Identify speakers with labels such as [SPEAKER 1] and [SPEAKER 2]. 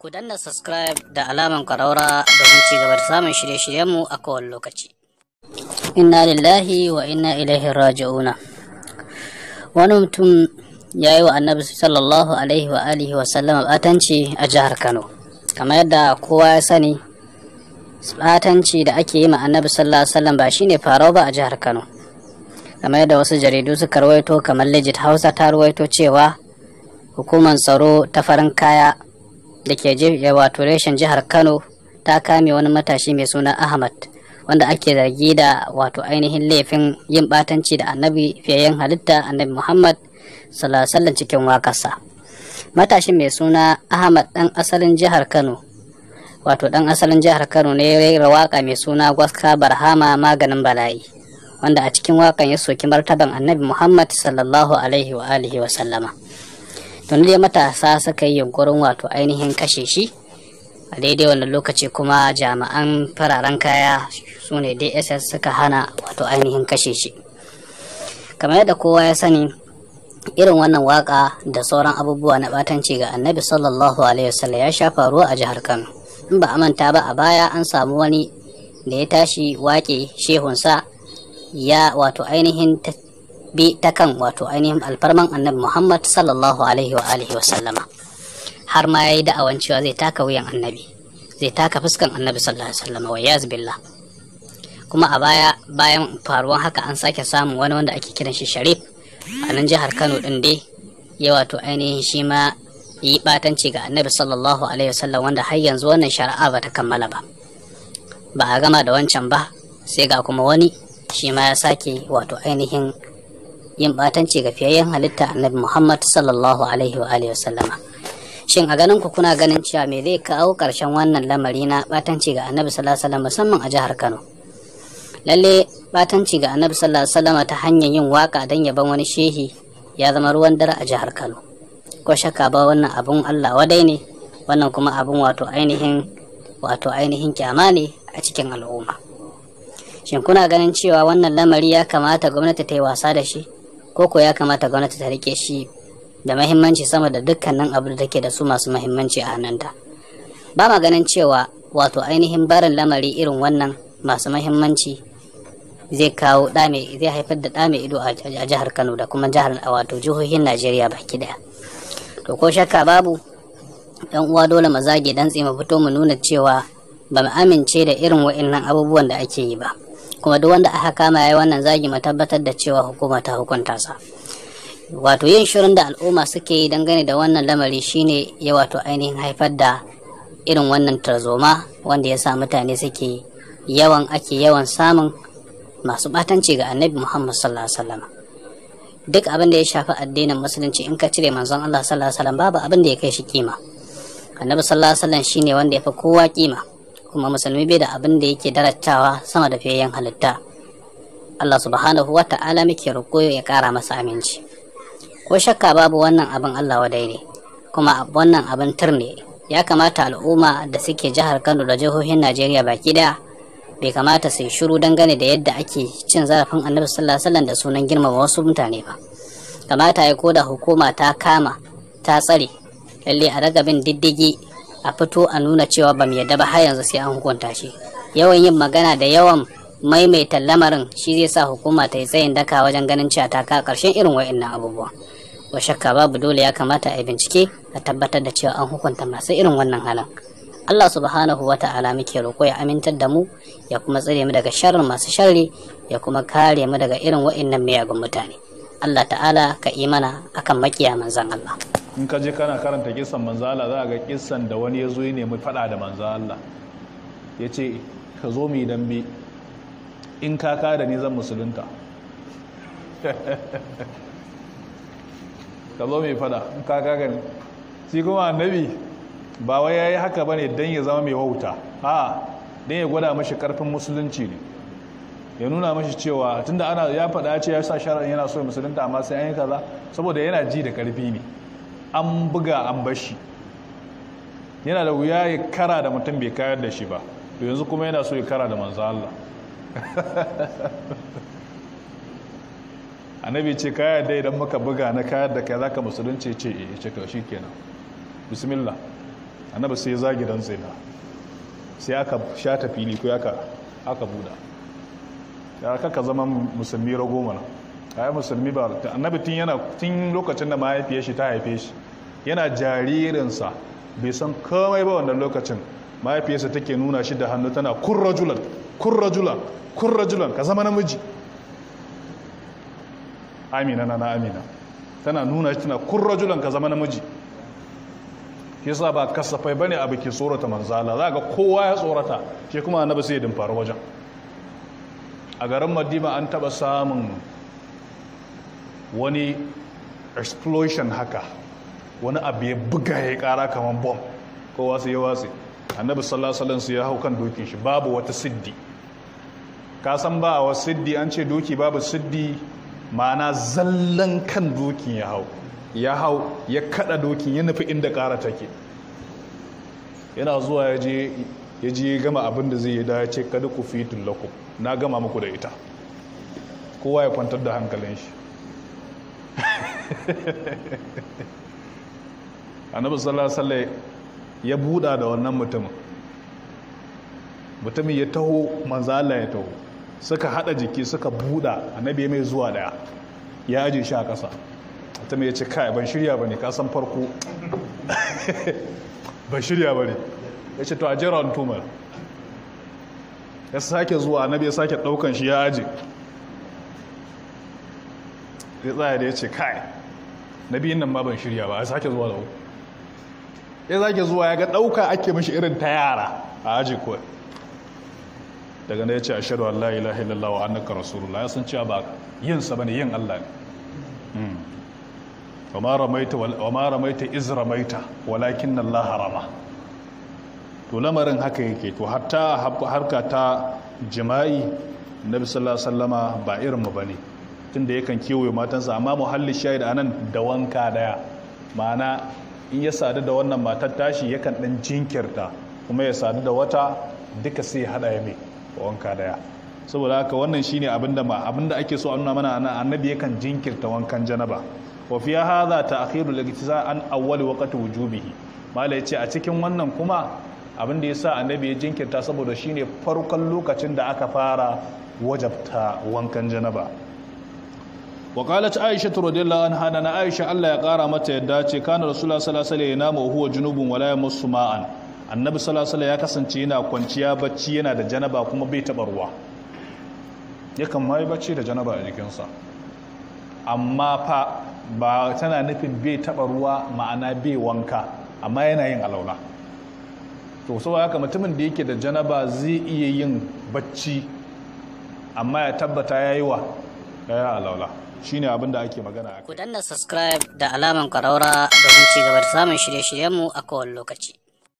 [SPEAKER 1] Ku danna subscribe da alaman da domin ci gaba da samun shirye-shiryenmu a kowane lokaci. Inna lillahi wa inna ilaihi raji'una. Wani mutum ya yi wa annabi sallallahu alaihi wa alihi wa sallama batanci a jihar Kano. Kamar yadda kowa ya sani, batanci da ake yi ma annabi sallallahu alaihi wa sallam ba shine farau ba a jihar Kano. Kamar yadda wasu jaridu suka rawaito kamar Legit Hausa ta rawaito cewa hukumar tsaro ta farin kaya da ke wato reshen jihar kano ta kame wani matashi mai suna ahmad wanda ake zargi da wato ainihin laifin yin batanci da annabi fiyayen halitta annabi muhammad salasallan cikin wakarsa matashin mai suna ahmad dan asalin jihar kano wato dan asalin jihar kano ne ya waka mai suna gwaska barhama maganin bala'i wanda a cikin wakan ya soki martaban annabi muhammad sallallahu alaihi wa alihi wa sallama don dai matasa suka yi yunkurin wato ainihin kashe shi a daidai wannan lokaci kuma jami'an fararen kaya su ne dss suka hana wato ainihin kashe shi kamar yadda kowa ya sani irin wannan waka da sauran abubuwa na batanci ga annabi sallallahu alaihi wasallam ya sha faruwa a jihar kano in ba a manta ba a baya an samu wani da ya tashi wake shehunsa ya wato ainihin bi ta kan wato ainihin alfarman annabi Muhammad sallallahu alaihi wa alihi wa sallama har ma yayi da'awan cewa zai taka wuyan annabi zai taka fuskan annabi sallallahu alaihi wa sallama wa yaz billah kuma a baya bayan faruwan haka an sake samun wani wanda ake kiran shi Sharif a nan jihar Kano din dai ya wato ainihin shi ma yi batanci ga annabi sallallahu alaihi wa sallam wanda har yanzu wannan shari'a ba ta kammala ba ba a gama da wancan ba sai ga kuma wani shi ma ya sake wato ainihin yin batanci ga fiyayyen halitta annabi Muhammad sallallahu alaihi wa alihi wasallama shin a ganin ku kuna ganin cewa me zai kawo ƙarshen wannan lamari na batanci ga annabi sallallahu alaihi wasallam musamman a jihar Kano lalle batanci ga annabi sallallahu alaihi wasallama ta hanyar yin waka don yaban wani shehi ya zama ruwan dare a jihar Kano ko shakka ba wannan abun Allah wadai ne wannan kuma abun wato ainihin wato ainihin kyama ne a cikin al'umma shin kuna ganin cewa wannan lamari ya kamata gwamnati ta yi wasa da shi koko ya kamata gwamnati ta rike shi da mahimmanci sama da dukkanin abu da take da su masu mahimmanci a hannunta ba ma ganin cewa wato ainihin barin lamari irin wannan masu mahimmanci zai kawo zai haifar da dame ido a jihar Kano da kuma jihar wato jihohin Najeriya baki daya to ko shakka babu yan uwa dole mu zage dan mu fito mu nuna cewa ba mu amince da irin wa'annan abubuwan da ake yi ba kuma duk wanda aka kama yayi wannan zagi mu tabbatar da cewa hukuma ta hukunta sa wato yin shirin da al'umma suke yi dangane da wannan lamari shine ya wato ainihin haifar da irin wannan tarzoma wanda ya sa mutane suke yawan ake yawan samun masu batanci ga annabi muhammad sallallahu alaihi wasallam duk abin da ya shafi addinin musulunci in ka cire manzon allah sallallahu alaihi wasallam babu abin da ya kai shi kima annabi sallallahu alaihi wasallam shine wanda ya fi kowa kima kuma musulmi bai da abin da yake darattawa sama da fiyayyen halitta Allah subhanahu wa ta'ala muke roƙo ya ƙara masa aminci ko shakka babu wannan abin Allah wa ne kuma wannan abin ne. ya kamata al'umma da suke jihar Kano da jihohin Najeriya baki daya bai kamata su yi shiru dangane da yadda ake cin zarafin Annabi sallallahu alaihi wasallam da sunan girmama wasu mutane ba kamata ya da hukuma ta kama ta tsare lalle a ragabin diddigi a fito a nuna cewa ba mu yadda ba har yanzu sai an hukunta shi yawan yin magana da yawan maimaita lamarin shi zai sa hukuma ta yi tsayin daka wajen ganin cewa ta ka karshen irin wa'annan abubuwa ba shakka babu dole ya kamata a bincike a tabbatar da cewa an hukunta masu irin wannan halin Allah subhanahu wa ta'ala muke roƙo ya amintar da mu ya kuma tsare mu daga sharrin masu sharri ya kuma kare mu daga irin wa'annan miyagun mutane Allah ta'ala ka imana
[SPEAKER 2] akan makiya
[SPEAKER 1] manzon Allah
[SPEAKER 2] in ka je kana karanta kisan manzo Allah za ga kisan da wani ya zo ya nemi fada da manzo Allah ya ce ka zo mu yi dambe in ka ka da ni zan musulunta ka zo mai fada in ka ka ni shi kuma annabi ba wai yayi haka bane dan ya zama mai wauta a dan ya gwada mashi karfin musulunci ne ya nuna mashi cewa tunda ana ya fada ce ya sa sharan yana so musulunta amma sai an yi kaza saboda yana ji da karfi ne an buga an bashi yana da wuya ya kara da mutum bai kayar da shi ba to yanzu kuma yana so ya kara da manzo Allah annabi ce kaya da idan muka buga na kayar da kai zaka musulunci ce eh ce to shikenan bismillah annabi sai ya zagi dan zaina sai aka shata fili ko aka aka buda ya kaka zama musulmi ragoma na yi musulmi ba annabi tun yana tun lokacin da mahaifiyar shi ta haife shi yana jaririnsa bai san komai ba wannan lokacin mahaifiyarsa take nuna shi da hannu tana kurrajulan kurrajulan kurrajulan ka zama namiji amina na amina tana nuna shi tana kurrajulan ka zama namiji sa ba kasafai bane abu ke tsorata manzala za ga kowa ya tsorata ke kuma annabi sai ya dimfaru wajen a garin madina an taba samun wani explosion haka wani abu ya buga ya kara kamar bom ko wasu ya wasu annabi sallallahu su ya hau kan dokin shi babu wata siddi ka san ba wa siddi an ce doki babu siddi ma'ana zallan kan dokin ya hau ya hau ya kada dokin ya nufi inda kara take yana zuwa ya je ya je gama abin da zai yi da ya ce kada ku fitin tullaku na gama muku da ita kowa ya kwantar da hankalin shi annabi sallallahu alaihi ya buɗa da wannan mutumin mutumin ya taho manzala ya taho suka haɗa jiki suka buɗa annabi mai zuwa daya ya aje shi a ƙasa mutumin ya ce kai ban shirya ba ne kasan farko ban shirya ba ne ya ce to a jera tumar ya sake zuwa annabi ya sake ɗaukan shi ya aje ya tsaya da ya ce kai na biyun nan ma ban shirya ba ya sake zuwa da uku ya sake zuwa ya ga ɗauka ake mashi irin ta yara a aji kuwa daga na ya ce a shaɗu Allah ilaha illallah wa annaka rasulullah ya san cewa ba yin sa bane yin Allah ne hmm. wa ma ramaita iz ramaita walakin Allah harama to lamarin haka yake to hatta harka ta jima'i na sallallahu alaihi wasallama ba irin mu bane tunda yakan kewaye matansa amma muhallin shahid anan da wanka daya ma'ana in ya sadu da wannan matar tashi yakan dan jinkirta kuma ya sadu da wata duka sai hada ya mai wanka daya saboda haka wannan shine abinda ma abinda ake so a nuna mana anan annabi yakan jinkirta wankan janaba wa fi hadha ta'khirul iktisa an awwal waqti wujubihi mala yace a cikin wannan kuma abinda yasa annabi ya jinkirta saboda shine farkon lokacin da aka fara wajabta wankan janaba wa ta aisha radhiyallahu hana na aisha Allah ya kara mata yadda ce kana rasulullah sallallahu alaihi wasallam yana huwa junubun wala yamassu ma'an annabi sallallahu ya kasance yana kwanciya bacci yana da janaba kuma bai taba ruwa yakan mai bacci da janaba a jikinsa amma fa ba tana nufin bai taba ruwa ma'ana bai wanka amma yana yin alauna to saboda haka mutumin da yake da janaba zai iya yin bacci amma ya tabbata yayi wa ya alaula shine abin da ake magana a ku
[SPEAKER 1] danna subscribe da alamar ƙaraura domin ci gaba da samun shirye-shiryenmu a kowane lokaci